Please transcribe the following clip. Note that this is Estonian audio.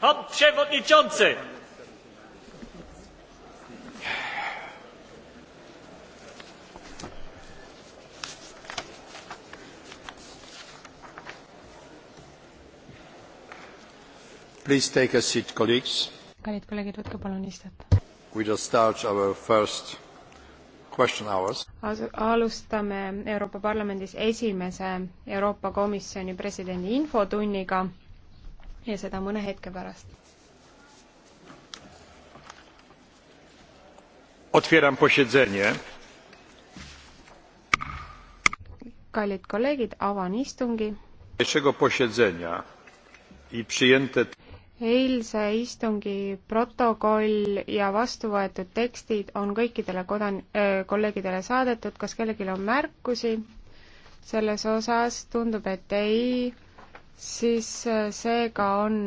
Pan przewodniczący! Please take a seat, colleagues. kallid kolleegid, võtke palun istet. We just start our first question hours. alustame Euroopa Parlamendis esimese Euroopa Komisjoni presidendi infotunniga ja seda mõne hetke pärast. kallid kolleegid, avan istungi. eilse istungi protokoll ja vastu võetud tekstid on kõikidele kodan-, äh, kolleegidele saadetud, kas kellelgi on märkusi? selles osas tundub, et ei siis äh, seega on